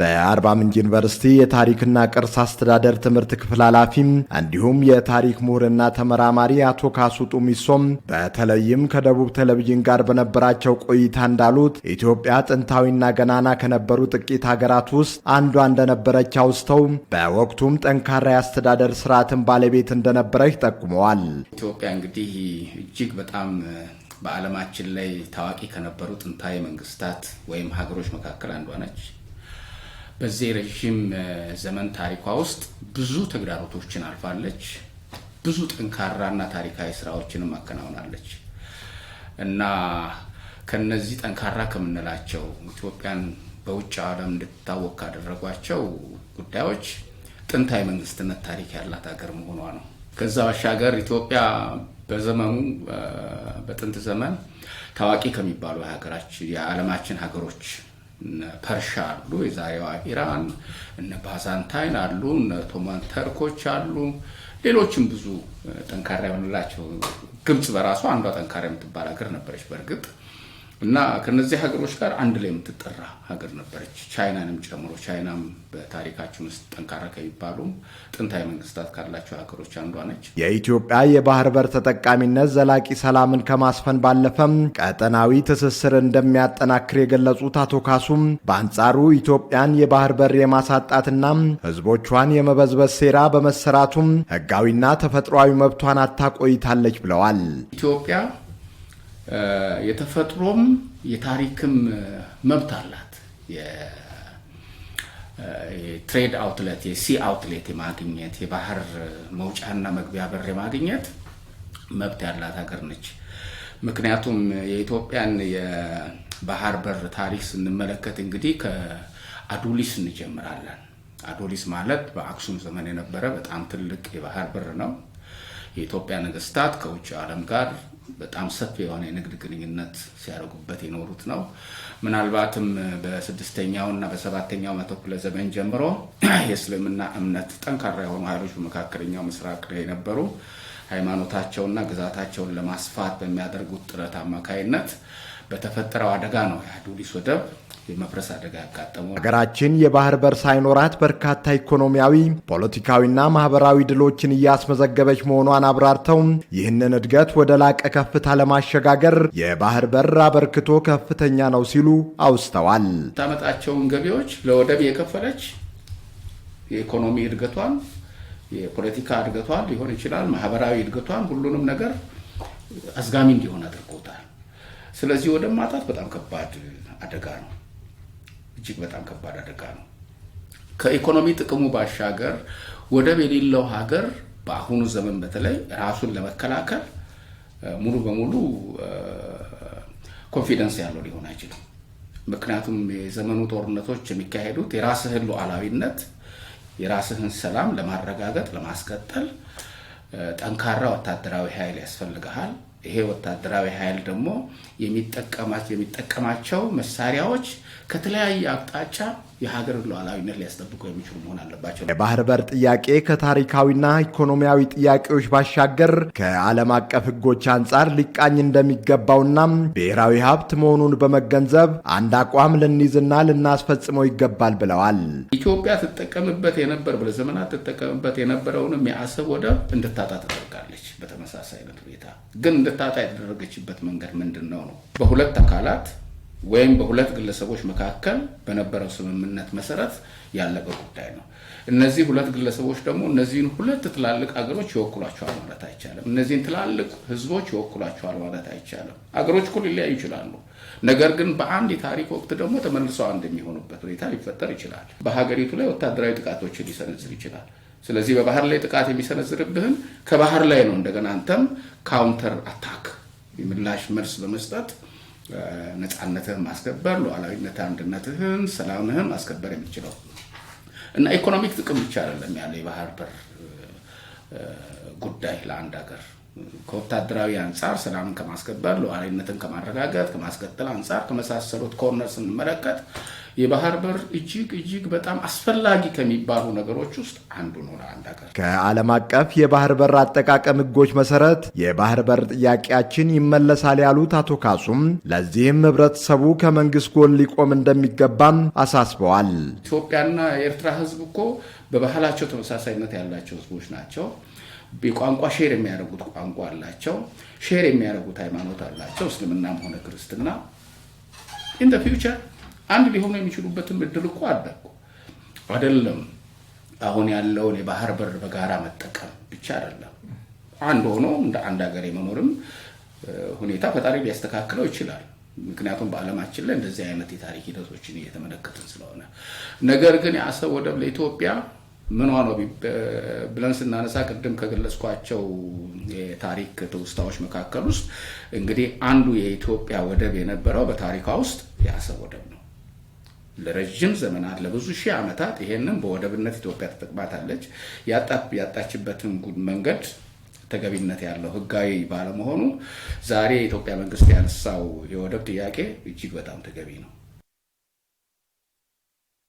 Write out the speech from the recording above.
በአርባ ምንጭ ዩኒቨርሲቲ የታሪክና ቅርስ አስተዳደር ትምህርት ክፍል ኃላፊም እንዲሁም የታሪክ ምሁርና ተመራማሪ አቶ ካሱ ጡሚሶም በተለይም ከደቡብ ቴሌቪዥን ጋር በነበራቸው ቆይታ እንዳሉት ኢትዮጵያ ጥንታዊና ገናና ከነበሩ ጥቂት ሀገራት ውስጥ አንዷ እንደነበረች አውስተው በወቅቱም ጠንካራ የአስተዳደር ስርዓትን ባለቤት እንደነበረች ጠቁመዋል። ኢትዮጵያ እንግዲህ እጅግ በጣም በዓለማችን ላይ ታዋቂ ከነበሩ ጥንታዊ መንግስታት ወይም ሀገሮች መካከል አንዷ ነች። በዚህ ረዥም ዘመን ታሪኳ ውስጥ ብዙ ተግዳሮቶችን አልፋለች። ብዙ ጠንካራና ታሪካዊ ስራዎችንም አከናውናለች እና ከነዚህ ጠንካራ ከምንላቸው ኢትዮጵያን በውጭ ዓለም እንድትታወቅ ካደረጓቸው ጉዳዮች ጥንታዊ መንግስትነት ታሪክ ያላት ሀገር መሆኗ ነው። ከዛ ባሻገር ኢትዮጵያ በዘመኑ በጥንት ዘመን ታዋቂ ከሚባሉ የዓለማችን ሀገሮች ፐርሻ አሉ፣ የዛሬዋ ኢራን፣ እነ ባዛንታይን አሉ፣ እነ ቶማን ተርኮች አሉ። ሌሎችም ብዙ ጠንካራ የምንላቸው ግምጽ በራሷ አንዷ ጠንካራ የምትባል ሀገር ነበረች በእርግጥ እና ከነዚህ ሀገሮች ጋር አንድ ላይ የምትጠራ ሀገር ነበረች፣ ቻይናንም ጨምሮ። ቻይናም በታሪካችን ውስጥ ጠንካራ ከሚባሉ ጥንታዊ መንግስታት ካላቸው ሀገሮች አንዷ ነች። የኢትዮጵያ የባህር በር ተጠቃሚነት ዘላቂ ሰላምን ከማስፈን ባለፈም ቀጠናዊ ትስስር እንደሚያጠናክር የገለጹት አቶ ካሱም በአንጻሩ ኢትዮጵያን የባህር በር የማሳጣትና ህዝቦቿን የመበዝበዝ ሴራ በመሰራቱም ህጋዊና ተፈጥሯዊ መብቷን አታቆይታለች ብለዋል። ኢትዮጵያ የተፈጥሮም የታሪክም መብት አላት። የትሬድ አውትሌት የሲ አውትሌት የማግኘት የባህር መውጫና መግቢያ በር የማግኘት መብት ያላት ሀገር ነች። ምክንያቱም የኢትዮጵያን የባህር በር ታሪክ ስንመለከት እንግዲህ ከአዱሊስ እንጀምራለን። አዱሊስ ማለት በአክሱም ዘመን የነበረ በጣም ትልቅ የባህር በር ነው። የኢትዮጵያ ነገስታት ከውጭ ዓለም ጋር በጣም ሰፊ የሆነ የንግድ ግንኙነት ሲያደርጉበት የኖሩት ነው። ምናልባትም በስድስተኛው እና በሰባተኛው መቶ ክፍለ ዘመን ጀምሮ የእስልምና እምነት ጠንካራ የሆኑ ኃይሎች በመካከለኛው ምስራቅ ላይ የነበሩ ሃይማኖታቸውና ግዛታቸውን ለማስፋት በሚያደርጉት ጥረት አማካይነት በተፈጠረው አደጋ ነው የአዱሊስ ወደብ የመፍረስ አደጋ ያጋጠመው። ሀገራችን የባህር በር ሳይኖራት በርካታ ኢኮኖሚያዊ፣ ፖለቲካዊና ማህበራዊ ድሎችን እያስመዘገበች መሆኗን አብራርተው ይህንን እድገት ወደ ላቀ ከፍታ ለማሸጋገር የባህር በር አበርክቶ ከፍተኛ ነው ሲሉ አውስተዋል። ታመጣቸውን ገቢዎች ለወደብ የከፈለች የኢኮኖሚ እድገቷን፣ የፖለቲካ እድገቷን ሊሆን ይችላል ማህበራዊ እድገቷን፣ ሁሉንም ነገር አዝጋሚ እንዲሆን አድርጎታል። ስለዚህ ወደ ማጣት በጣም ከባድ አደጋ ነው፣ እጅግ በጣም ከባድ አደጋ ነው። ከኢኮኖሚ ጥቅሙ ባሻገር ወደብ የሌለው ሀገር በአሁኑ ዘመን በተለይ ራሱን ለመከላከል ሙሉ በሙሉ ኮንፊደንስ ያለው ሊሆን አይችልም። ምክንያቱም የዘመኑ ጦርነቶች የሚካሄዱት የራስህን ሉዓላዊነት የራስህን ሰላም ለማረጋገጥ ለማስቀጠል ጠንካራ ወታደራዊ ኃይል ያስፈልግሃል። ይሄ ወታደራዊ ኃይል ደግሞ የሚጠቀማቸው መሳሪያዎች ከተለያየ አቅጣጫ የሀገር ሉዓላዊነት ሊያስጠብቁ የሚችሉ መሆን አለባቸው። የባህር በር ጥያቄ ከታሪካዊና ኢኮኖሚያዊ ጥያቄዎች ባሻገር ከዓለም አቀፍ ሕጎች አንጻር ሊቃኝ እንደሚገባውና ብሔራዊ ሀብት መሆኑን በመገንዘብ አንድ አቋም ልንይዝና ልናስፈጽመው ይገባል ብለዋል። ኢትዮጵያ ትጠቀምበት የነበር ለዘመናት ትጠቀምበት የነበረውንም የአሰብ ወደብ እንድታጣ ትችላለች። በተመሳሳይ አይነት ሁኔታ ግን እንድታጣ የተደረገችበት መንገድ ምንድን ነው ነው በሁለት አካላት ወይም በሁለት ግለሰቦች መካከል በነበረው ስምምነት መሰረት ያለበት ጉዳይ ነው። እነዚህ ሁለት ግለሰቦች ደግሞ እነዚህን ሁለት ትላልቅ አገሮች ይወክሏቸዋል ማለት አይቻልም። እነዚህን ትላልቅ ሕዝቦች ይወክሏቸዋል ማለት አይቻልም። አገሮች እኮ ሊለያዩ ይችላሉ። ነገር ግን በአንድ የታሪክ ወቅት ደግሞ ተመልሰው አንድ የሚሆኑበት ሁኔታ ሊፈጠር ይችላል። በሀገሪቱ ላይ ወታደራዊ ጥቃቶችን ሊሰነዝር ይችላል። ስለዚህ በባህር ላይ ጥቃት የሚሰነዝርብህን ከባህር ላይ ነው እንደገና አንተም ካውንተር አታክ ምላሽ መልስ በመስጠት ነፃነትህን ማስከበር፣ ሉዓላዊነት አንድነትህን፣ ሰላምህን ማስከበር የሚችለው እና ኢኮኖሚክ ጥቅም ብቻ አይደለም ያለው የባህር በር ጉዳይ ለአንድ ሀገር ከወታደራዊ አንጻር ሰላምን ከማስከበር ሉዓላዊነትን ከማረጋገጥ ከማስቀጠል አንጻር ከመሳሰሉት ኮርነር ስንመለከት የባህር በር እጅግ እጅግ በጣም አስፈላጊ ከሚባሉ ነገሮች ውስጥ አንዱ ነው ለአንድ ሀገር። ከዓለም አቀፍ የባህር በር አጠቃቀም ህጎች መሰረት የባህር በር ጥያቄያችን ይመለሳል ያሉት አቶ ካሱም ለዚህም ህብረተሰቡ ከመንግስት ጎን ሊቆም እንደሚገባም አሳስበዋል። ኢትዮጵያና የኤርትራ ህዝብ እኮ በባህላቸው ተመሳሳይነት ያላቸው ህዝቦች ናቸው። የቋንቋ ሼር የሚያደርጉት ቋንቋ አላቸው። ሼር የሚያደርጉት ሃይማኖት አላቸው፣ እስልምናም ሆነ ክርስትና። ኢን ዘ ፊውቸር አንድ ሊሆኑ የሚችሉበትም እድል እኮ አደርኩ አይደለም። አሁን ያለውን የባህር በር በጋራ መጠቀም ብቻ አይደለም። አንድ ሆኖ እንደ አንድ ሀገር የመኖርም ሁኔታ ፈጣሪ ሊያስተካክለው ይችላል። ምክንያቱም በዓለማችን ላይ እንደዚህ አይነት የታሪክ ሂደቶችን እየተመለከትን ስለሆነ። ነገር ግን የአሰብ ወደብ ለኢትዮጵያ ምን ነው ብለን ስናነሳ ቅድም ከገለጽኳቸው የታሪክ ትውስታዎች መካከል ውስጥ እንግዲህ አንዱ የኢትዮጵያ ወደብ የነበረው በታሪኳ ውስጥ የአሰብ ወደብ ነው። ለረዥም ዘመናት ለብዙ ሺህ ዓመታት ይሄንን በወደብነት ኢትዮጵያ ተጠቅማታለች። ያጣችበትን መንገድ ተገቢነት ያለው ህጋዊ ባለመሆኑ ዛሬ የኢትዮጵያ መንግስት ያነሳው የወደብ ጥያቄ እጅግ በጣም ተገቢ ነው።